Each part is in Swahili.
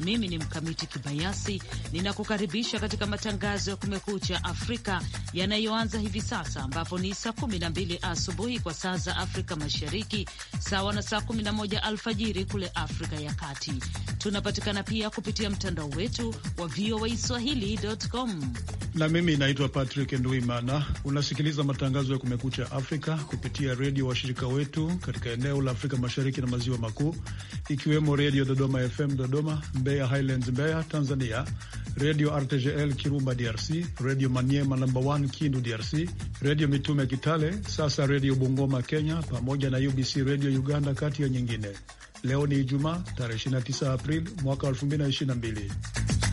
Mimi ni Mkamiti Kibayasi, ninakukaribisha katika matangazo ya Kumekucha Afrika yanayoanza hivi sasa, ambapo ni saa 12 asubuhi kwa saa za Afrika Mashariki, sawa na saa 11 alfajiri kule Afrika ya Kati. Tunapatikana pia kupitia mtandao wetu wa VOA Swahili.com. Na mimi naitwa Patrick Nduimana. Unasikiliza matangazo ya Kumekucha Afrika kupitia redio washirika wetu katika eneo la Afrika Mashariki na Maziwa Makuu, ikiwemo Redio Dodoma FM Dodoma, Mbeya Highlands Mbeya Tanzania, Redio RTGL Kirumba DRC, Redio Maniema namba 1 Kindu DRC, Redio Mitume Kitale, sasa Redio Bungoma Kenya, pamoja na UBC Redio Uganda, kati ya nyingine. Leo ni Ijumaa tarehe 29 Aprili mwaka 2022.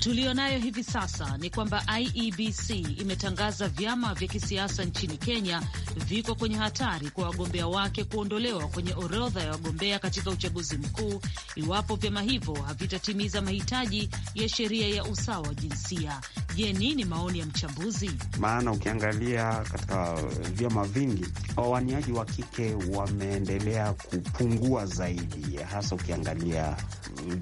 tulionayo hivi sasa ni kwamba IEBC imetangaza vyama vya kisiasa nchini Kenya viko kwenye hatari kwa wagombea wake kuondolewa kwenye orodha ya wagombea katika uchaguzi mkuu iwapo vyama hivyo havitatimiza mahitaji ya sheria ya usawa wa jinsia. Je, nini maoni ya mchambuzi? Maana ukiangalia katika vyama vingi wawaniaji wa kike wameendelea kupungua zaidi, hasa ukiangalia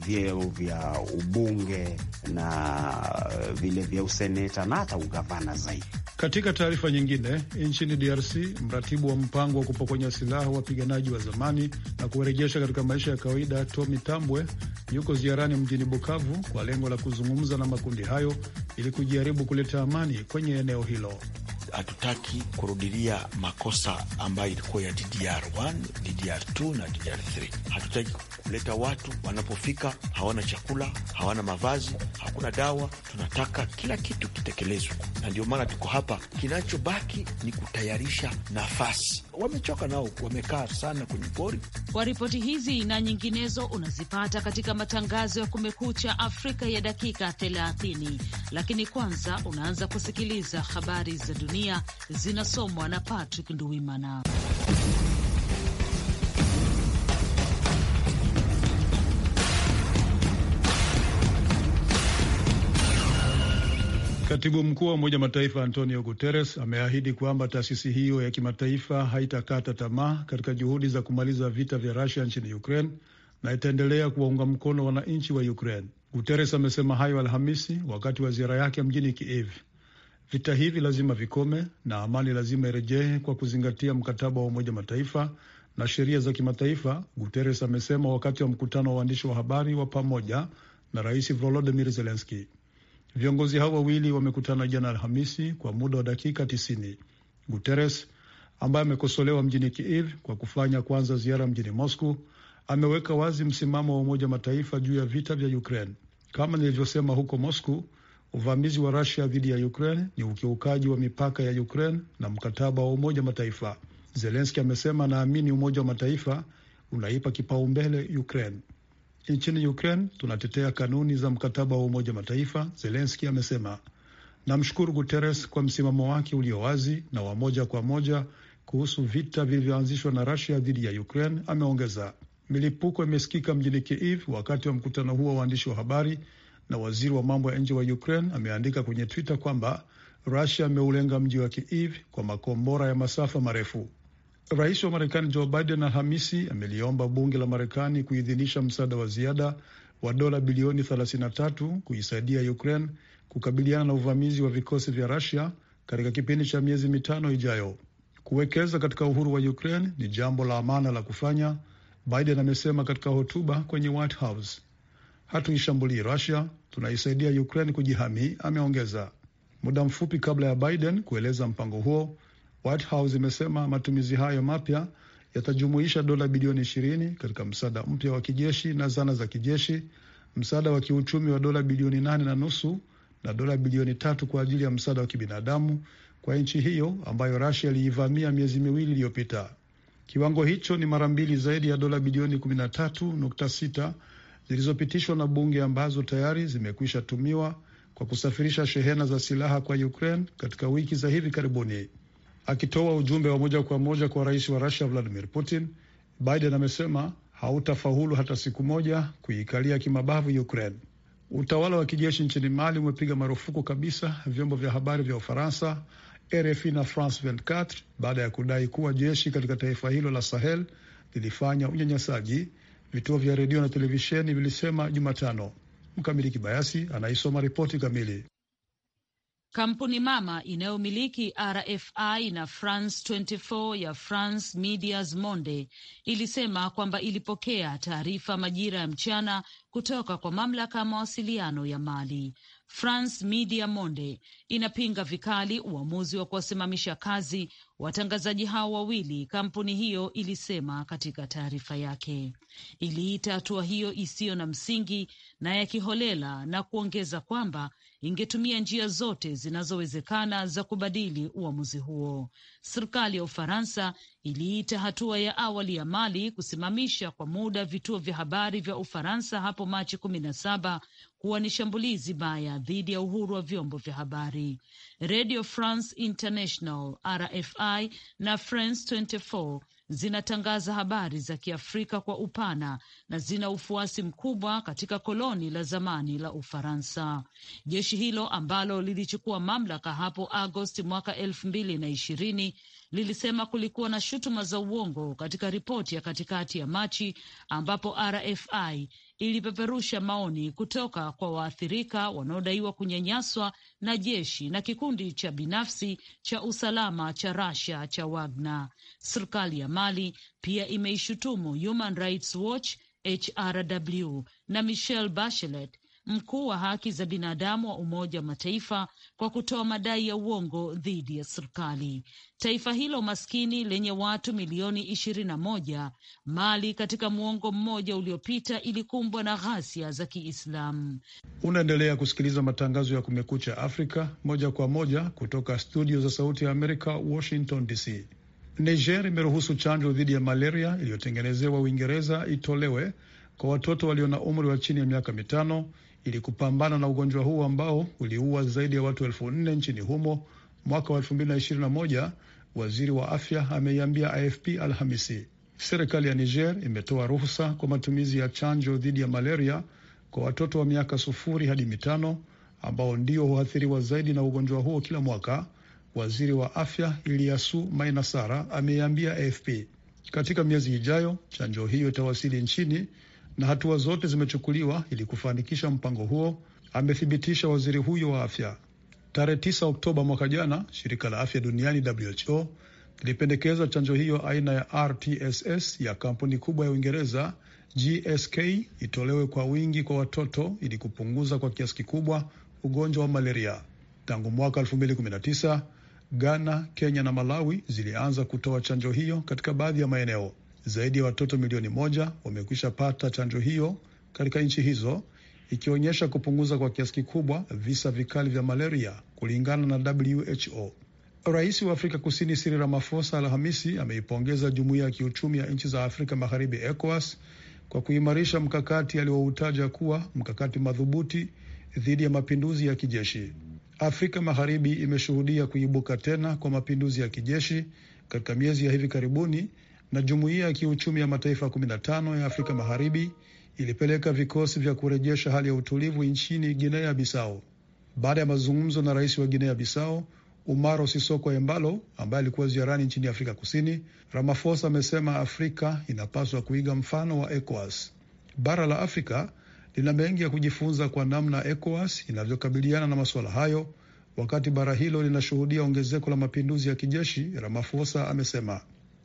vyeo vya ubunge na na uh, vile vya useneta na hata ugavana zaidi. Katika taarifa nyingine, nchini DRC mratibu wa mpango wa kupokonya silaha wapiganaji wa zamani na kuwarejesha katika maisha ya kawaida, Tomi Tambwe yuko ziarani mjini Bukavu kwa lengo la kuzungumza na makundi hayo ili kujaribu kuleta amani kwenye eneo hilo hatutaki kurudilia makosa ambayo ilikuwa ya DDR1, DDR2 na DDR3. Hatutaki kuleta watu wanapofika hawana chakula, hawana mavazi, hakuna dawa. Tunataka kila kitu kitekelezwe, na ndio maana tuko hapa. Kinachobaki ni kutayarisha nafasi wamechoka nao, wamekaa sana kwenye pori. Kwa ripoti hizi na nyinginezo unazipata katika matangazo ya Kumekucha Afrika ya dakika 30, lakini kwanza unaanza kusikiliza habari za dunia zinasomwa na Patrick Nduwimana. Katibu mkuu wa Umoja Mataifa Antonio Guterres ameahidi kwamba taasisi hiyo ya kimataifa haitakata tamaa katika juhudi za kumaliza vita vya Rusia nchini Ukraine na itaendelea kuwaunga mkono wananchi wa Ukraine. Guterres amesema hayo Alhamisi wakati wa ziara yake mjini Kiev. Vita hivi lazima vikome na amani lazima irejee kwa kuzingatia mkataba wa Umoja Mataifa na sheria za kimataifa, Guterres amesema wakati wa mkutano wa waandishi wa habari wa pamoja na Rais volodimir zelenski Viongozi hao wawili wamekutana jana Alhamisi kwa muda wa dakika tisini. Guterres ambaye amekosolewa mjini Kiev kwa kufanya kwanza ziara mjini Moscow ameweka wazi msimamo wa Umoja Mataifa juu ya vita vya Ukraine. Kama nilivyosema huko Moscow, uvamizi wa Rusia dhidi ya Ukraine ni ukiukaji wa mipaka ya Ukraine na mkataba wa Umoja Mataifa. Zelenski amesema, anaamini Umoja wa Mataifa unaipa kipaumbele Ukraine. Nchini Ukraine tunatetea kanuni za mkataba wa Umoja Mataifa, Zelenski amesema. Namshukuru Guterres kwa msimamo wake ulio wazi na wa moja kwa moja kuhusu vita vilivyoanzishwa na rasia dhidi ya Ukraine, ameongeza. Milipuko imesikika mjini Kiev wakati wa mkutano huo wa waandishi wa habari, na waziri wa mambo ya nje wa Ukraine ameandika kwenye Twitter kwamba rasia ameulenga mji wa Kiev kwa makombora ya masafa marefu. Rais wa Marekani Joe Biden Alhamisi ameliomba bunge la Marekani kuidhinisha msaada wa ziada wa dola bilioni 33 kuisaidia Ukraine kukabiliana na uvamizi wa vikosi vya Rusia katika kipindi cha miezi mitano ijayo. Kuwekeza katika uhuru wa Ukraine ni jambo la amana la kufanya, Biden amesema katika hotuba kwenye White House. Hatuishambulii Rusia, tunaisaidia Ukraine kujihami, ameongeza. Muda mfupi kabla ya Biden kueleza mpango huo, White House imesema matumizi hayo mapya yatajumuisha dola bilioni 20 katika msaada mpya wa kijeshi na zana za kijeshi, msaada wa kiuchumi wa dola bilioni nane na nusu na dola bilioni tatu kwa ajili ya msaada wa kibinadamu kwa nchi hiyo ambayo rasia iliivamia miezi miwili iliyopita. Kiwango hicho ni mara mbili zaidi ya dola bilioni 13.6 zilizopitishwa na bunge ambazo tayari zimekwisha tumiwa kwa kusafirisha shehena za silaha kwa Ukraine katika wiki za hivi karibuni. Akitoa ujumbe wa moja kwa moja kwa rais wa Rusia Vladimir Putin, Biden amesema hautafaulu hata siku moja kuikalia kimabavu Ukraine. Utawala wa kijeshi nchini Mali umepiga marufuku kabisa vyombo vya habari vya Ufaransa, RFI na France 24 baada ya kudai kuwa jeshi katika taifa hilo la Sahel lilifanya unyanyasaji, vituo vya redio na televisheni vilisema Jumatano. Mkamili Kibayasi anaisoma ripoti kamili kampuni mama inayomiliki RFI na France 24 ya France Medias Monde ilisema kwamba ilipokea taarifa majira ya mchana kutoka kwa mamlaka ya mawasiliano ya Mali. France Media Monde inapinga vikali uamuzi wa kuwasimamisha kazi Watangazaji hao wawili, kampuni hiyo ilisema katika taarifa yake, iliita hatua hiyo isiyo na msingi na ya kiholela na kuongeza kwamba ingetumia njia zote zinazowezekana za kubadili uamuzi huo. Serikali ya Ufaransa iliita hatua ya awali ya Mali kusimamisha kwa muda vituo vya habari vya Ufaransa hapo Machi kumi na saba kuwa ni shambulizi baya dhidi ya uhuru wa vyombo vya habari. Radio France International RFI RFI na France 24 zinatangaza habari za Kiafrika kwa upana na zina ufuasi mkubwa katika koloni la zamani la Ufaransa. Jeshi hilo ambalo lilichukua mamlaka hapo Agosti mwaka elfu mbili na ishirini lilisema kulikuwa na shutuma za uongo katika ripoti ya katikati ya Machi ambapo RFI ilipeperusha maoni kutoka kwa waathirika wanaodaiwa kunyanyaswa na jeshi na kikundi cha binafsi cha usalama cha Russia cha Wagner. Serikali ya Mali pia imeishutumu Human Rights Watch, HRW na Michelle Bachelet mkuu wa haki za binadamu wa Umoja wa Mataifa kwa kutoa madai ya uongo dhidi ya serikali. Taifa hilo maskini lenye watu milioni ishirini na moja, Mali, katika muongo mmoja uliopita ilikumbwa na ghasia za Kiislamu. Unaendelea kusikiliza matangazo ya Kumekucha Afrika moja kwa moja kutoka studio za Sauti ya Amerika, Washington DC. Niger imeruhusu chanjo dhidi ya malaria iliyotengenezewa Uingereza itolewe kwa watoto walio na umri wa chini ya miaka mitano ili kupambana na ugonjwa huu ambao uliua zaidi ya watu elfu nne nchini humo mwaka wa moja. waziri wa afya ameiambia AFP Alhamisi. Serikali ya Niger imetoa ruhusa kwa matumizi ya chanjo dhidi ya malaria kwa watoto wa miaka sufuri hadi mitano ambao ndio huathiriwa zaidi na ugonjwa huo kila mwaka. Waziri wa afya Iliasu Mainasara ameiambia AFP katika miezi ijayo chanjo hiyo itawasili nchini na hatua zote zimechukuliwa ili kufanikisha mpango huo, amethibitisha waziri huyo wa afya. Tarehe 9 Oktoba mwaka jana, shirika la afya duniani WHO lilipendekeza chanjo hiyo aina ya RTSS ya kampuni kubwa ya Uingereza GSK itolewe kwa wingi kwa watoto ili kupunguza kwa kiasi kikubwa ugonjwa wa malaria. Tangu mwaka 2019 Ghana, Kenya na Malawi zilianza kutoa chanjo hiyo katika baadhi ya maeneo. Zaidi ya watoto milioni moja wamekwisha pata chanjo hiyo katika nchi hizo, ikionyesha kupunguza kwa kiasi kikubwa visa vikali vya malaria kulingana na WHO. Rais wa Afrika Kusini Cyril Ramaphosa Alhamisi ameipongeza jumuiya ya kiuchumi ya nchi za Afrika Magharibi ECOWAS kwa kuimarisha mkakati aliyoutaja kuwa mkakati madhubuti dhidi ya mapinduzi ya kijeshi. Afrika Magharibi imeshuhudia kuibuka tena kwa mapinduzi ya kijeshi katika miezi ya hivi karibuni na Jumuiya ya Kiuchumi ya Mataifa 15 ya Afrika Magharibi ilipeleka vikosi vya kurejesha hali ya utulivu nchini Guinea Bissau baada ya mazungumzo na rais wa Guinea Bissau Umaro Sisoko Embalo ambaye alikuwa ziarani nchini Afrika Kusini. Ramaphosa amesema Afrika inapaswa kuiga mfano wa ECOWAS. Bara la Afrika lina mengi ya kujifunza kwa namna ECOWAS inavyokabiliana na masuala hayo, wakati bara hilo linashuhudia ongezeko la mapinduzi ya kijeshi, Ramaphosa amesema.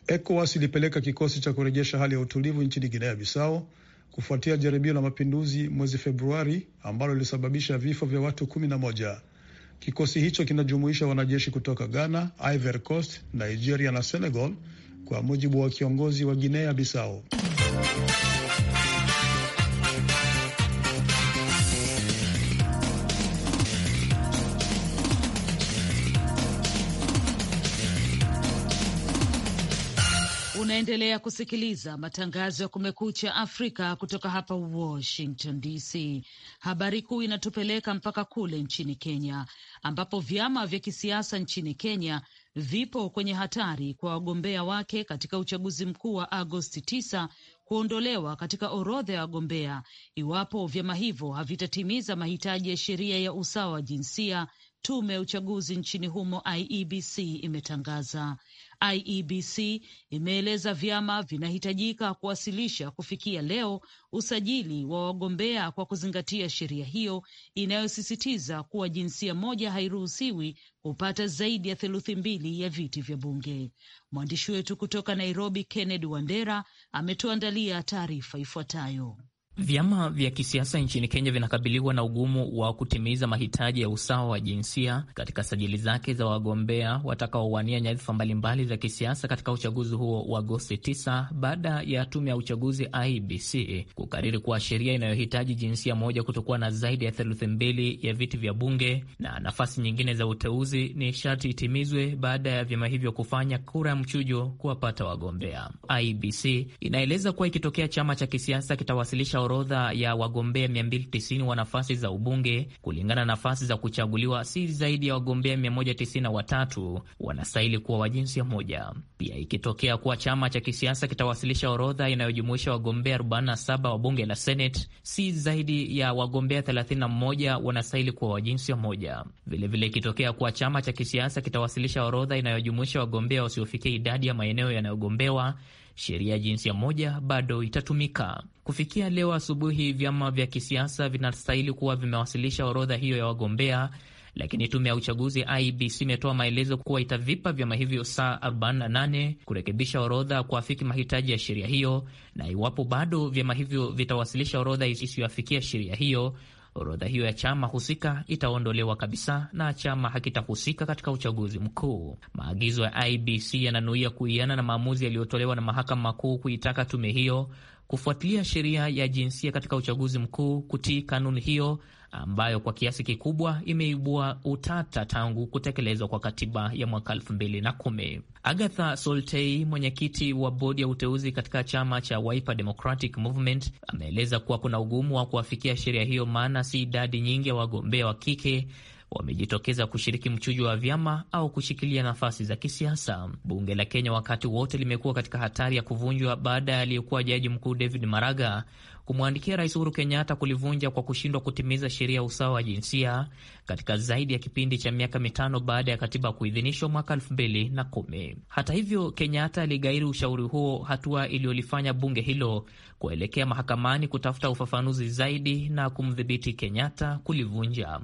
ECOWAS ilipeleka kikosi cha kurejesha hali ya utulivu nchini Guinea Bissau kufuatia jaribio la mapinduzi mwezi Februari ambalo lilisababisha vifo vya watu kumi na moja. Kikosi hicho kinajumuisha wanajeshi kutoka Ghana, Ivory Coast, Nigeria na Senegal, kwa mujibu wa kiongozi wa Guinea Bissau. Unaendelea kusikiliza matangazo ya Kumekucha Afrika kutoka hapa Washington DC. Habari kuu inatupeleka mpaka kule nchini Kenya, ambapo vyama vya kisiasa nchini Kenya vipo kwenye hatari kwa wagombea wake katika uchaguzi mkuu wa Agosti 9 kuondolewa katika orodha ya wagombea iwapo vyama hivyo havitatimiza mahitaji ya sheria ya usawa wa jinsia tume ya uchaguzi nchini humo IEBC imetangaza. IEBC imeeleza vyama vinahitajika kuwasilisha kufikia leo usajili wa wagombea kwa kuzingatia sheria hiyo inayosisitiza kuwa jinsia moja hairuhusiwi kupata zaidi ya theluthi mbili ya viti vya bunge. Mwandishi wetu kutoka Nairobi, Kennedy Wandera, ametuandalia taarifa ifuatayo. Vyama vya kisiasa nchini Kenya vinakabiliwa na ugumu wa kutimiza mahitaji ya usawa wa jinsia katika sajili zake za wagombea watakaowania nyadhifa mbalimbali za kisiasa katika uchaguzi huo wa Agosti 9 baada ya tume ya uchaguzi IBC kukariri kuwa sheria inayohitaji jinsia moja kutokuwa na zaidi ya theluthi mbili ya viti vya bunge na nafasi nyingine za uteuzi ni sharti itimizwe baada ya vyama hivyo kufanya kura ya mchujo kuwapata wagombea. IBC inaeleza kuwa ikitokea chama cha kisiasa kitawasilisha orodha ya wagombea 290 wa nafasi za ubunge kulingana na nafasi za kuchaguliwa, si zaidi ya wagombea 193 wanastahili kuwa wa jinsia moja. Pia ikitokea kuwa chama cha kisiasa kitawasilisha orodha inayojumuisha wagombea 47 wa bunge la Senate, si zaidi ya wagombea 31 wanastahili kuwa wa jinsia moja. Vilevile ikitokea kuwa chama cha kisiasa kitawasilisha orodha inayojumuisha wagombea wasiofikia idadi ya maeneo yanayogombewa sheria ya jinsia moja bado itatumika. Kufikia leo asubuhi, vyama vya kisiasa vinastahili kuwa vimewasilisha orodha hiyo ya wagombea, lakini tume ya uchaguzi IBC imetoa maelezo kuwa itavipa vyama hivyo saa 48 kurekebisha orodha kuafiki mahitaji ya sheria hiyo, na iwapo bado vyama hivyo vitawasilisha orodha isiyoafikia sheria hiyo orodha hiyo ya chama husika itaondolewa kabisa na chama hakitahusika katika uchaguzi mkuu. Maagizo ya IBC yananuia kuiana na maamuzi yaliyotolewa na mahakama kuu kuitaka tume hiyo kufuatilia sheria ya jinsia katika uchaguzi mkuu, kutii kanuni hiyo ambayo kwa kiasi kikubwa imeibua utata tangu kutekelezwa kwa katiba ya mwaka elfu mbili na kumi. Agatha Soltei, mwenyekiti wa bodi ya uteuzi katika chama cha Wiper Democratic Movement, ameeleza kuwa kuna ugumu wa kuafikia sheria hiyo, maana si idadi nyingi ya wagombea wa kike wamejitokeza kushiriki mchujo wa vyama au kushikilia nafasi za kisiasa. Bunge la Kenya wakati wote limekuwa katika hatari ya kuvunjwa baada ya aliyekuwa jaji mkuu David Maraga kumwandikia Rais Uhuru Kenyatta kulivunja kwa kushindwa kutimiza sheria ya usawa wa jinsia katika zaidi ya kipindi cha miaka mitano baada ya katiba kuidhinishwa mwaka elfu mbili na kumi. Hata hivyo, Kenyatta aligairi ushauri huo, hatua iliyolifanya bunge hilo kuelekea mahakamani kutafuta ufafanuzi zaidi na kumdhibiti Kenyatta kulivunja.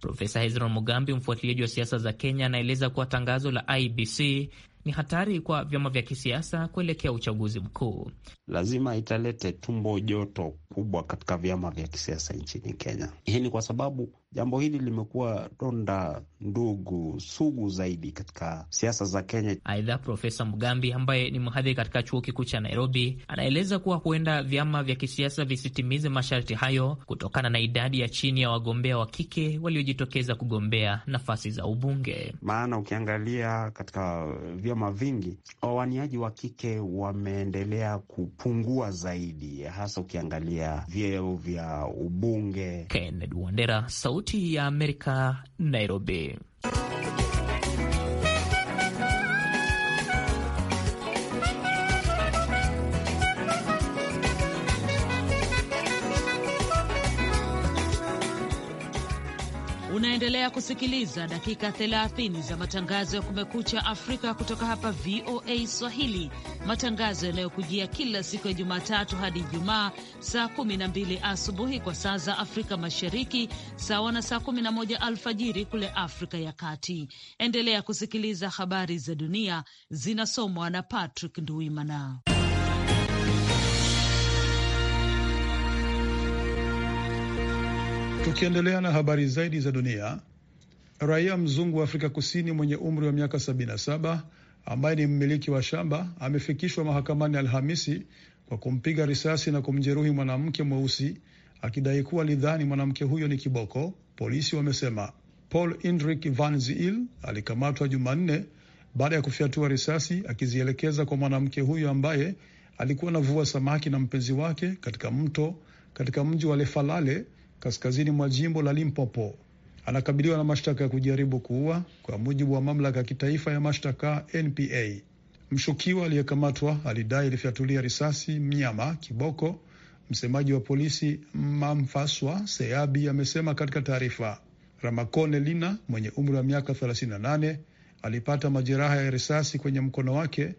Profesa Hezron mugambi mfuatiliaji wa siasa za Kenya, anaeleza kuwa tangazo la IBC ni hatari kwa vyama vya kisiasa kuelekea uchaguzi mkuu. Lazima italete tumbo joto kubwa katika vyama vya kisiasa nchini Kenya. Hii ni kwa sababu jambo hili limekuwa donda ndugu sugu zaidi katika siasa za Kenya. Aidha, Profesa Mugambi ambaye ni mhadhiri katika chuo kikuu cha Nairobi anaeleza kuwa huenda vyama vya kisiasa visitimize masharti hayo kutokana na idadi ya chini ya wagombea wa kike waliojitokeza kugombea nafasi za ubunge. Maana ukiangalia katika vyama vyama vingi, wawaniaji wa kike wameendelea kupungua zaidi, hasa ukiangalia vyeo vya ubunge. Kennedy Wandera, Sauti ya Amerika, Nairobi. Unaendelea kusikiliza dakika 30 za matangazo ya Kumekucha Afrika kutoka hapa VOA Swahili, matangazo yanayokujia kila siku ya Jumatatu hadi Ijumaa saa 12 asubuhi kwa saa za Afrika Mashariki, sawa na saa 11 alfajiri kule Afrika ya Kati. Endelea kusikiliza habari za dunia zinasomwa na Patrick Nduimana. Tukiendelea na habari zaidi za dunia, raia mzungu wa Afrika Kusini mwenye umri wa miaka 77 ambaye ni mmiliki wa shamba amefikishwa mahakamani Alhamisi kwa kumpiga risasi na kumjeruhi mwanamke mweusi akidai kuwa alidhani mwanamke huyo ni kiboko. Polisi wamesema Paul Indrik Van Ziel alikamatwa Jumanne baada ya kufyatua risasi akizielekeza kwa mwanamke huyo ambaye alikuwa anavua samaki na mpenzi wake katika mto katika mji wa Lefalale kaskazini mwa jimbo la Limpopo. Anakabiliwa na mashtaka ya kujaribu kuua kwa mujibu wa mamlaka ya kitaifa ya mashtaka NPA. Mshukiwa aliyekamatwa alidai ilifyatulia risasi mnyama kiboko. Msemaji wa polisi Mamfaswa Seabi amesema katika taarifa. Ramakone Lina mwenye umri wa miaka 38 alipata majeraha ya risasi kwenye mkono wake,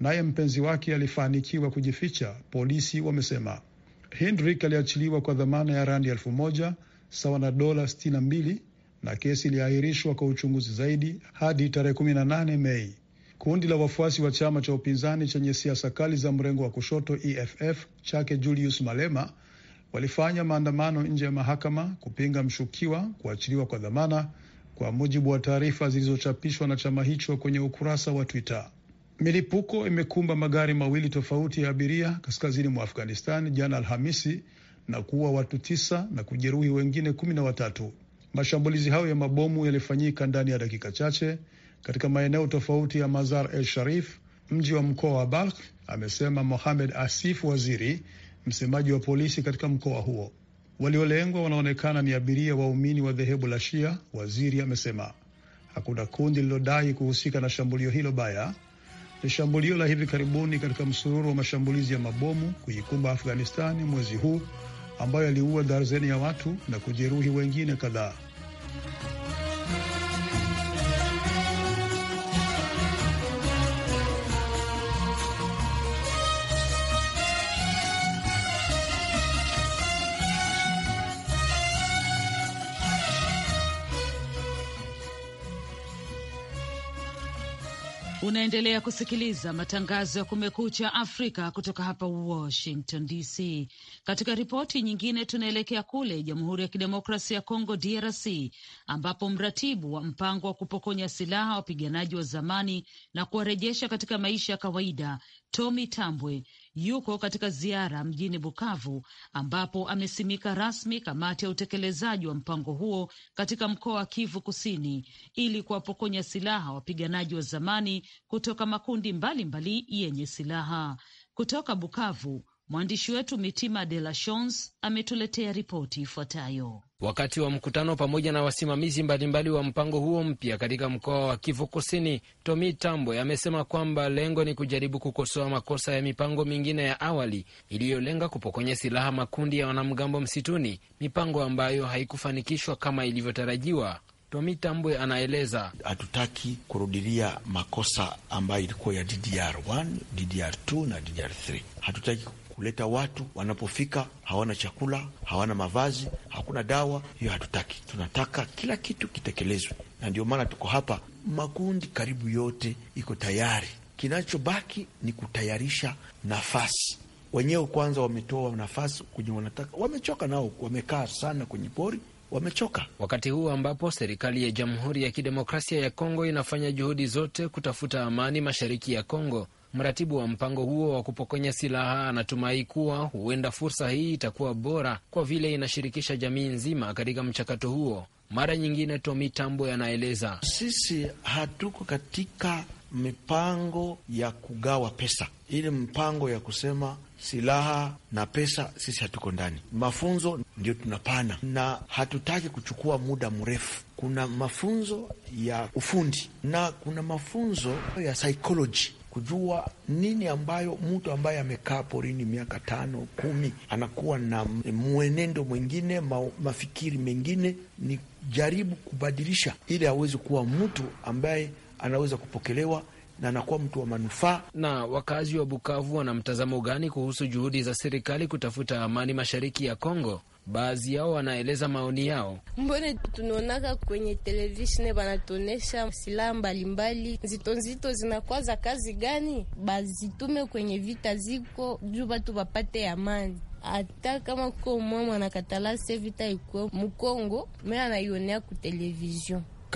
naye mpenzi wake alifanikiwa kujificha, polisi wamesema. Hendrik aliachiliwa kwa dhamana ya randi elfu moja sawa na dola sitini na mbili na kesi iliahirishwa kwa uchunguzi zaidi hadi tarehe 18 Mei. Kundi la wafuasi wa chama cha upinzani chenye siasa kali za mrengo wa kushoto EFF chake Julius Malema walifanya maandamano nje ya mahakama kupinga mshukiwa kuachiliwa kwa dhamana, kwa mujibu wa taarifa zilizochapishwa na chama hicho kwenye ukurasa wa Twitter. Milipuko imekumba magari mawili tofauti ya abiria kaskazini mwa Afghanistan jana Alhamisi na kuua watu tisa na kujeruhi wengine kumi na watatu. Mashambulizi hayo ya mabomu yalifanyika ndani ya dakika chache katika maeneo tofauti ya Mazar el Sharif, mji wa mkoa wa Balkh, amesema Mohamed Asif Waziri, msemaji wa polisi katika mkoa huo. Waliolengwa wanaonekana ni abiria waumini wa dhehebu la Shia, waziri amesema. Hakuna kundi lililodai kuhusika na shambulio hilo baya. Shambulio la hivi karibuni katika msururu wa mashambulizi ya mabomu kuikumba Afghanistani mwezi huu ambayo yaliua darzeni ya watu na kujeruhi wengine kadhaa. Unaendelea kusikiliza matangazo ya Kumekucha Afrika kutoka hapa Washington DC. Katika ripoti nyingine, tunaelekea kule Jamhuri ya Kidemokrasia ya Kongo, DRC, ambapo mratibu wa mpango wa kupokonya silaha wapiganaji wa zamani na kuwarejesha katika maisha ya kawaida Tommy Tambwe yuko katika ziara mjini Bukavu ambapo amesimika rasmi kamati ya utekelezaji wa mpango huo katika mkoa wa Kivu Kusini ili kuwapokonya silaha wapiganaji wa zamani kutoka makundi mbalimbali mbali yenye silaha. Kutoka Bukavu, Mwandishi wetu Mitima De La Shons ametuletea ripoti ifuatayo. Wakati wa mkutano pamoja na wasimamizi mbalimbali wa mpango huo mpya katika mkoa wa Kivu Kusini, Tomi Tambwe amesema kwamba lengo ni kujaribu kukosoa makosa ya mipango mingine ya awali iliyolenga kupokonya silaha makundi ya wanamgambo msituni, mipango ambayo haikufanikishwa kama ilivyotarajiwa Tomi Tambwe anaeleza, hatutaki kurudilia makosa ambayo ilikuwa ya DDR1, DDR2 na DDR3. Hatutaki kuleta watu wanapofika hawana chakula, hawana mavazi, hakuna dawa. Hiyo hatutaki. Tunataka kila kitu kitekelezwe, na ndio maana tuko hapa. Makundi karibu yote iko tayari, kinachobaki ni kutayarisha nafasi wenyewe. Kwanza wametoa nafasi kwenye wanataka, wamechoka nao, wamekaa sana kwenye pori wamechoka. Wakati huu ambapo serikali ya Jamhuri ya Kidemokrasia ya Kongo inafanya juhudi zote kutafuta amani mashariki ya Kongo, Mratibu wa mpango huo wa kupokonya silaha anatumai kuwa huenda fursa hii itakuwa bora kwa vile inashirikisha jamii nzima katika mchakato huo. Mara nyingine, Tomi Tambo yanaeleza, sisi hatuko katika mipango ya kugawa pesa, ili mpango ya kusema silaha na pesa, sisi hatuko ndani. Mafunzo ndio tunapana, na hatutaki kuchukua muda mrefu. Kuna mafunzo ya ufundi na kuna mafunzo ya psychology kujua nini ambayo mtu ambaye amekaa porini miaka tano kumi anakuwa na mwenendo mwingine, mafikiri mengine. Ni jaribu kubadilisha ili aweze kuwa mtu ambaye anaweza kupokelewa na anakuwa mtu wa manufaa. Na wakazi wa Bukavu wana mtazamo gani kuhusu juhudi za serikali kutafuta amani mashariki ya Kongo? Baadhi yao wanaeleza maoni yao. Mbone tunaonaka kwenye televisheni wanatuonesha silaha mbalimbali nzito nzito, zinakuwa za kazi gani? Bazitume kwenye vita ziko juu batu wapate amani. Hata kama kuko mwa mwanakatalase vita ikuwe Mkongo, me anaionea ku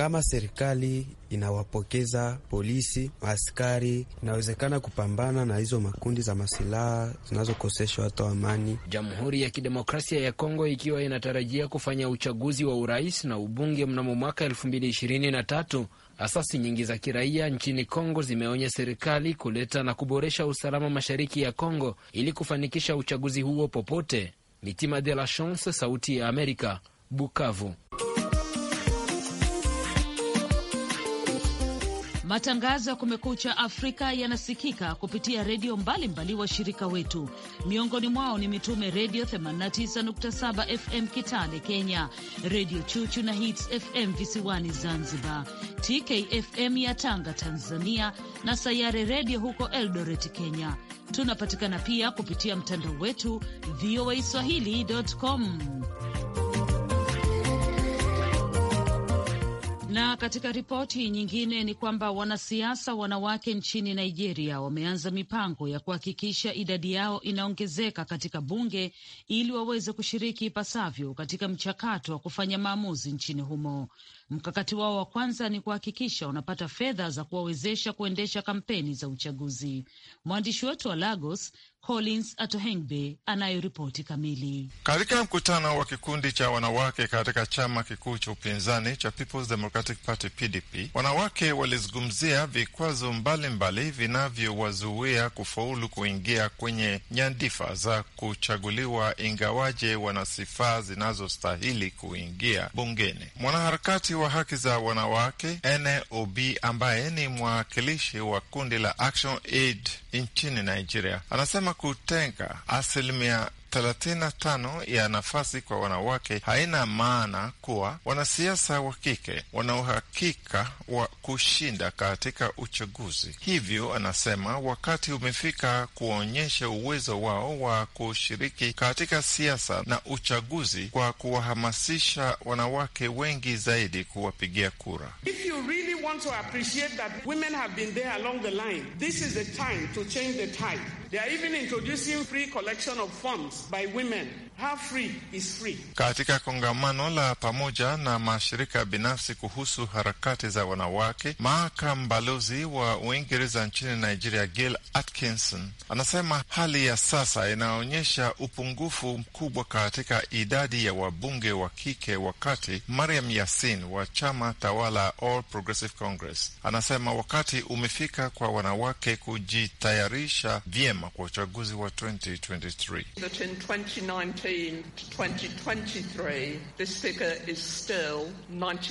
kama serikali inawapokeza polisi, askari, inawezekana kupambana na hizo makundi za masilaha zinazokosesha watu amani. Jamhuri ya Kidemokrasia ya Kongo ikiwa inatarajia kufanya uchaguzi wa urais na ubunge mnamo mwaka elfu mbili ishirini na tatu. Asasi nyingi za kiraia nchini Kongo zimeonya serikali kuleta na kuboresha usalama mashariki ya Kongo ili kufanikisha uchaguzi huo popote. Mitima de la Chance, Sauti ya Amerika, Bukavu. Matangazo ya Kumekucha Afrika yanasikika kupitia redio mbalimbali wa shirika wetu, miongoni mwao ni Mitume Redio 89.7 FM Kitale Kenya, Redio Chuchu na Hits FM visiwani Zanzibar, TKFM ya Tanga Tanzania na Sayare Redio huko Eldoret Kenya. Tunapatikana pia kupitia mtandao wetu voa swahili.com. Na katika ripoti nyingine ni kwamba wanasiasa wanawake nchini Nigeria wameanza mipango ya kuhakikisha idadi yao inaongezeka katika bunge ili waweze kushiriki ipasavyo katika mchakato wa kufanya maamuzi nchini humo. Mkakati wao wa kwanza ni kuhakikisha wanapata fedha za kuwawezesha kuendesha kampeni za uchaguzi. Mwandishi wetu wa Lagos, Collins Atohengbe anayoripoti kamili. Katika mkutano wa kikundi cha wanawake katika chama kikuu cha upinzani cha People's Democratic Party PDP, wanawake walizungumzia vikwazo mbalimbali vinavyowazuia kufaulu kuingia kwenye nyandifa za kuchaguliwa, ingawaje wana sifa zinazostahili kuingia bungeni. Mwanaharakati wa haki za wanawake NOB ambaye ni mwakilishi wa kundi la Action Aid nchini Nigeria anasema amesema kutenga asilimia 35 ya nafasi kwa wanawake haina maana kuwa wanasiasa wa kike wana uhakika wa kushinda katika uchaguzi. Hivyo anasema wakati umefika kuonyesha uwezo wao wa kushiriki katika siasa na uchaguzi kwa kuwahamasisha wanawake wengi zaidi kuwapigia kura. If you really want to appreciate that women have been there along the line. This is the time to change the tide. They are even introducing free collection of funds by women Katika kongamano la pamoja na mashirika binafsi kuhusu harakati za wanawake, makamu balozi wa Uingereza nchini Nigeria Gail Atkinson anasema hali ya sasa inaonyesha upungufu mkubwa katika idadi ya wabunge wa kike, wakati Mariam Yasin wa chama tawala All Progressive Congress anasema wakati umefika kwa wanawake kujitayarisha vyema kwa uchaguzi wa 2023. 2015 to 2023, this figure is still 95.5%.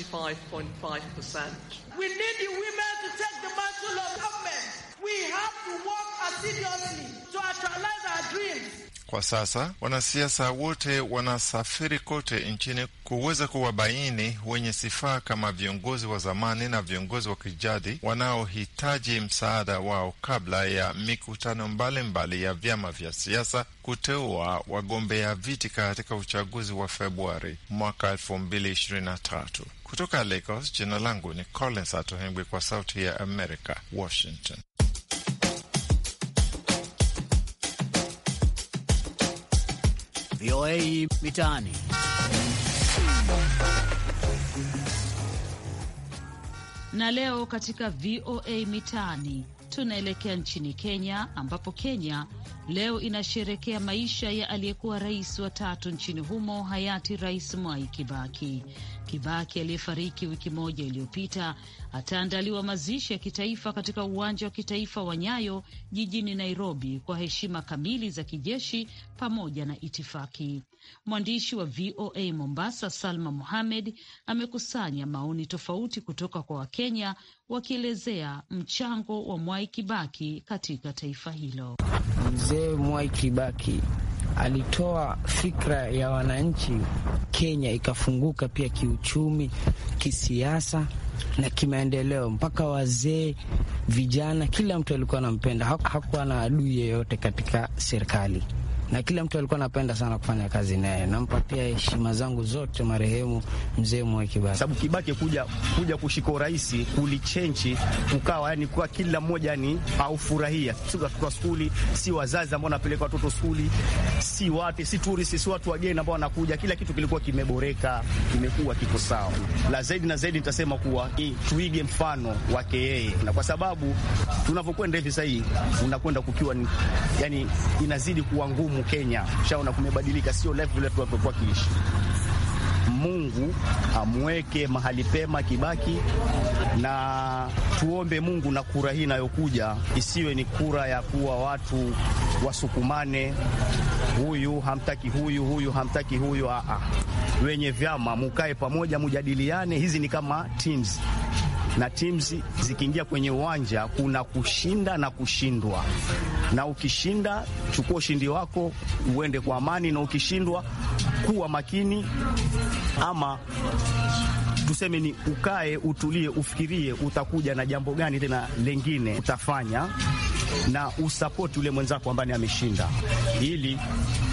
We need the women to take the mantle of government. We have to work assiduously to actualize our dreams. Kwa sasa wanasiasa wote wanasafiri kote nchini kuweza kuwabaini wenye sifa kama viongozi wa zamani na viongozi wa kijadi wanaohitaji msaada wao kabla ya mikutano mbalimbali mbali ya vyama vya siasa kuteua wagombea viti katika uchaguzi wa Februari mwaka 2023. Kutoka Lagos, jina langu ni Collins Atohengwi, kwa Sauti ya Amerika, Washington. VOA Mitaani. Na leo katika VOA Mitaani tunaelekea nchini Kenya, ambapo Kenya leo inasherekea maisha ya aliyekuwa rais wa tatu nchini humo hayati Rais Mwai Kibaki. Kibaki aliyefariki wiki moja iliyopita ataandaliwa mazishi ya kitaifa katika uwanja wa kitaifa wa Nyayo jijini Nairobi kwa heshima kamili za kijeshi pamoja na itifaki. Mwandishi wa VOA Mombasa, Salma Mohamed, amekusanya maoni tofauti kutoka kwa Wakenya wakielezea mchango wa Mwai Kibaki katika taifa hilo. Mzee Mwai Kibaki alitoa fikra ya wananchi, Kenya ikafunguka pia kiuchumi, kisiasa na kimaendeleo, mpaka wazee, vijana, kila mtu alikuwa anampenda, hakuwa na adui yeyote katika serikali na kila mtu alikuwa anapenda sana kufanya kazi naye. Nampa pia heshima zangu zote marehemu mzee Mwai Kibaki, sababu Kibaki kuja kuja kushika urais kulichenchi kukawa yani kwa kila mmoja ni aufurahia kwa skuli, si wazazi ambao wanapeleka watoto skuli, si watu si touristi, si watu wageni ambao wanakuja. Kila kitu kilikuwa kimeboreka, kimekuwa kiko sawa. La zaidi na zaidi nitasema kuwa tuige mfano wake yeye, na kwa sababu tunavyokwenda hivi sasa, hii unakwenda kukiwa ni, yani, inazidi kuwa ngumu humu Kenya, shaona kumebadilika, sio life vile walikuwa kiishi. Mungu amweke mahali pema Kibaki, na tuombe Mungu na kura hii inayokuja isiwe ni kura ya kuwa watu wasukumane, huyu hamtaki huyu, huyu hamtaki huyu. Aa, ah, ah. wenye vyama mukae pamoja, mujadiliane. Hizi ni kama teams na teams zikiingia kwenye uwanja kuna kushinda na kushindwa na ukishinda, chukua ushindi wako uende kwa amani, na ukishindwa, kuwa makini ama tuseme ni ukae, utulie, ufikirie utakuja na jambo gani tena lengine utafanya, na usapoti ule mwenzako ambaye ameshinda, ili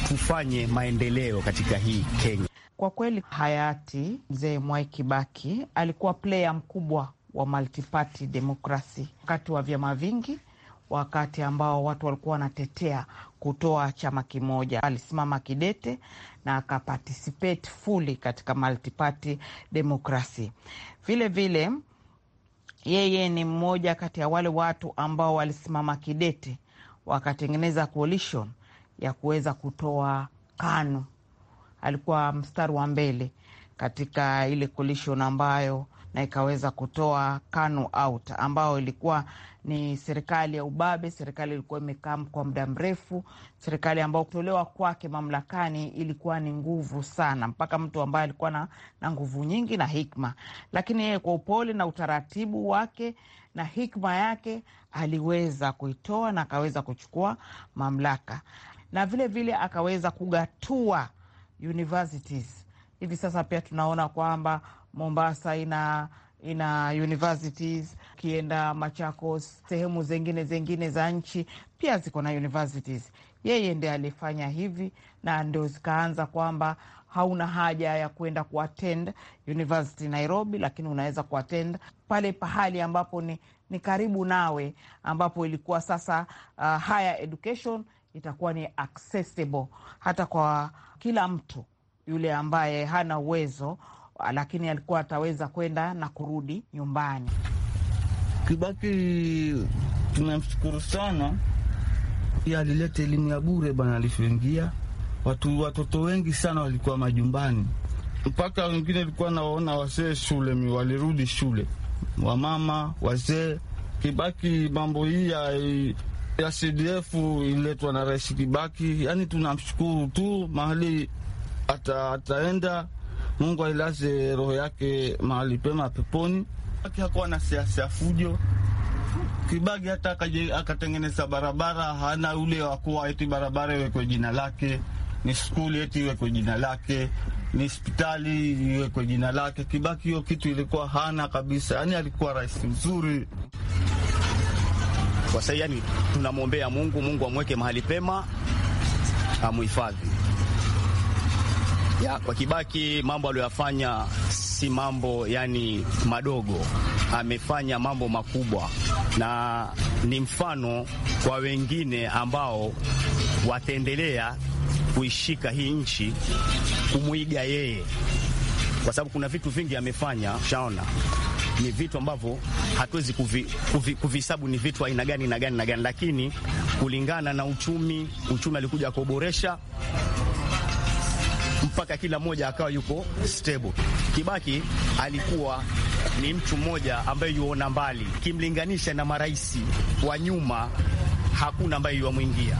tufanye maendeleo katika hii Kenya. Kwa kweli hayati mzee Mwai Kibaki alikuwa player mkubwa wa multiparty democracy wakati wa vyama vingi wakati ambao watu walikuwa wanatetea kutoa chama kimoja, alisimama kidete na akaparticipate fully katika multiparty democracy. Vile vile yeye ni mmoja kati ya wale watu ambao walisimama kidete wakatengeneza coalition ya kuweza kutoa KANU. Alikuwa mstari wa mbele katika ile coalition ambayo na ikaweza kutoa KANU Out ambayo ilikuwa ni serikali ya ubabe, serikali ilikuwa imekaa kwa muda mrefu, serikali ambayo kutolewa kwake mamlakani ilikuwa ni nguvu sana, mpaka mtu ambaye alikuwa na, na nguvu nyingi na hikma, lakini yeye kwa upole na utaratibu wake na hikma yake aliweza kuitoa na akaweza kuchukua mamlaka, na vile vile akaweza kugatua universities. Hivi sasa pia tunaona kwamba Mombasa ina ina universities, ukienda Machakos, sehemu zengine zengine za nchi pia ziko na universities. Yeye ndiye alifanya hivi na ndio zikaanza kwamba hauna haja ya kuenda kuattend university Nairobi, lakini unaweza kuattend pale pahali ambapo ni, ni karibu nawe, ambapo ilikuwa sasa uh, higher education itakuwa ni accessible hata kwa kila mtu yule ambaye hana uwezo Ah, lakini alikuwa ataweza kwenda na kurudi nyumbani. Kibaki tunamshukuru sana, pia alileta elimu ya bure bana, alivyoingia watu watoto wengi sana walikuwa majumbani, mpaka wengine likuwa nawaona wazee shule mi walirudi shule, wamama wazee. Kibaki mambo hii ya CDF iletwa na Rais Kibaki, yani tunamshukuru tu mahali ata, ataenda Mungu ailaze roho yake mahali pema peponi. Hakuwa na siasa ya fujo. Kibaki hata akatengeneza barabara, hana ule wakuwa eti barabara iwekwe jina lake, ni skuli eti iwekwe jina lake, ni hospitali iwekwe jina lake. Kibaki hiyo kitu ilikuwa hana kabisa, yaani alikuwa rais mzuri. Kwa sasa yani tunamwombea Mungu, Mungu amweke mahali pema, amuhifadhi ya, kwa Kibaki mambo aliyoyafanya si mambo yani madogo, amefanya mambo makubwa na ni mfano kwa wengine ambao wataendelea kuishika hii nchi kumwiga yeye, kwa sababu kuna vitu vingi amefanya, shaona ni vitu ambavyo hatuwezi kuvihesabu ni vitu aina gani na gani na gani, lakini kulingana na uchumi, uchumi alikuja kuboresha mpaka kila mmoja akawa yuko stable. Kibaki alikuwa ni mtu mmoja ambaye yuona mbali, kimlinganisha na marais wa nyuma, hakuna ambaye yuwamwingia.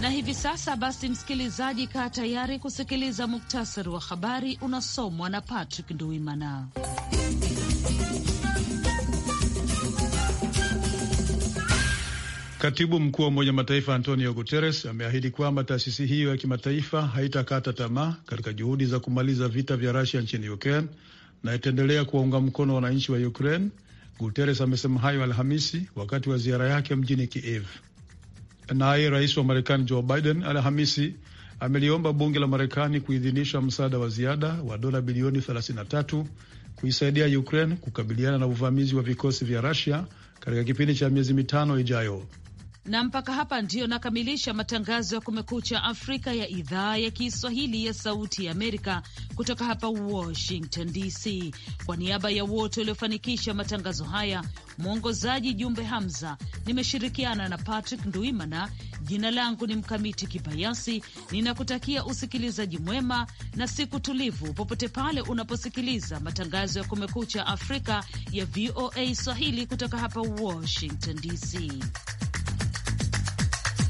Na hivi sasa basi, msikilizaji, kaa tayari kusikiliza muktasari wa habari unasomwa na Patrick Nduimana. Katibu mkuu wa Umoja Mataifa Antonio Guterres ameahidi kwamba taasisi hiyo ya kimataifa haitakata tamaa katika juhudi za kumaliza vita vya Rusia nchini Ukraine na itaendelea kuwaunga mkono wananchi wa Ukraine. Guterres amesema hayo Alhamisi wakati wa ziara yake mjini Kiev. Naye rais wa Marekani Joe Biden Alhamisi ameliomba bunge la Marekani kuidhinisha msaada wa ziada wa dola bilioni 33 kuisaidia Ukraine kukabiliana na uvamizi wa vikosi vya Rusia katika kipindi cha miezi mitano ijayo na mpaka hapa ndiyo nakamilisha matangazo ya Kumekucha Afrika ya idhaa ya Kiswahili ya Sauti ya Amerika kutoka hapa Washington DC. Kwa niaba ya wote waliofanikisha matangazo haya, mwongozaji Jumbe Hamza, nimeshirikiana na Patrick Nduimana. Jina langu ni Mkamiti Kibayasi, ninakutakia usikilizaji mwema na siku tulivu popote pale unaposikiliza matangazo ya Kumekucha Afrika ya VOA Swahili kutoka hapa Washington DC.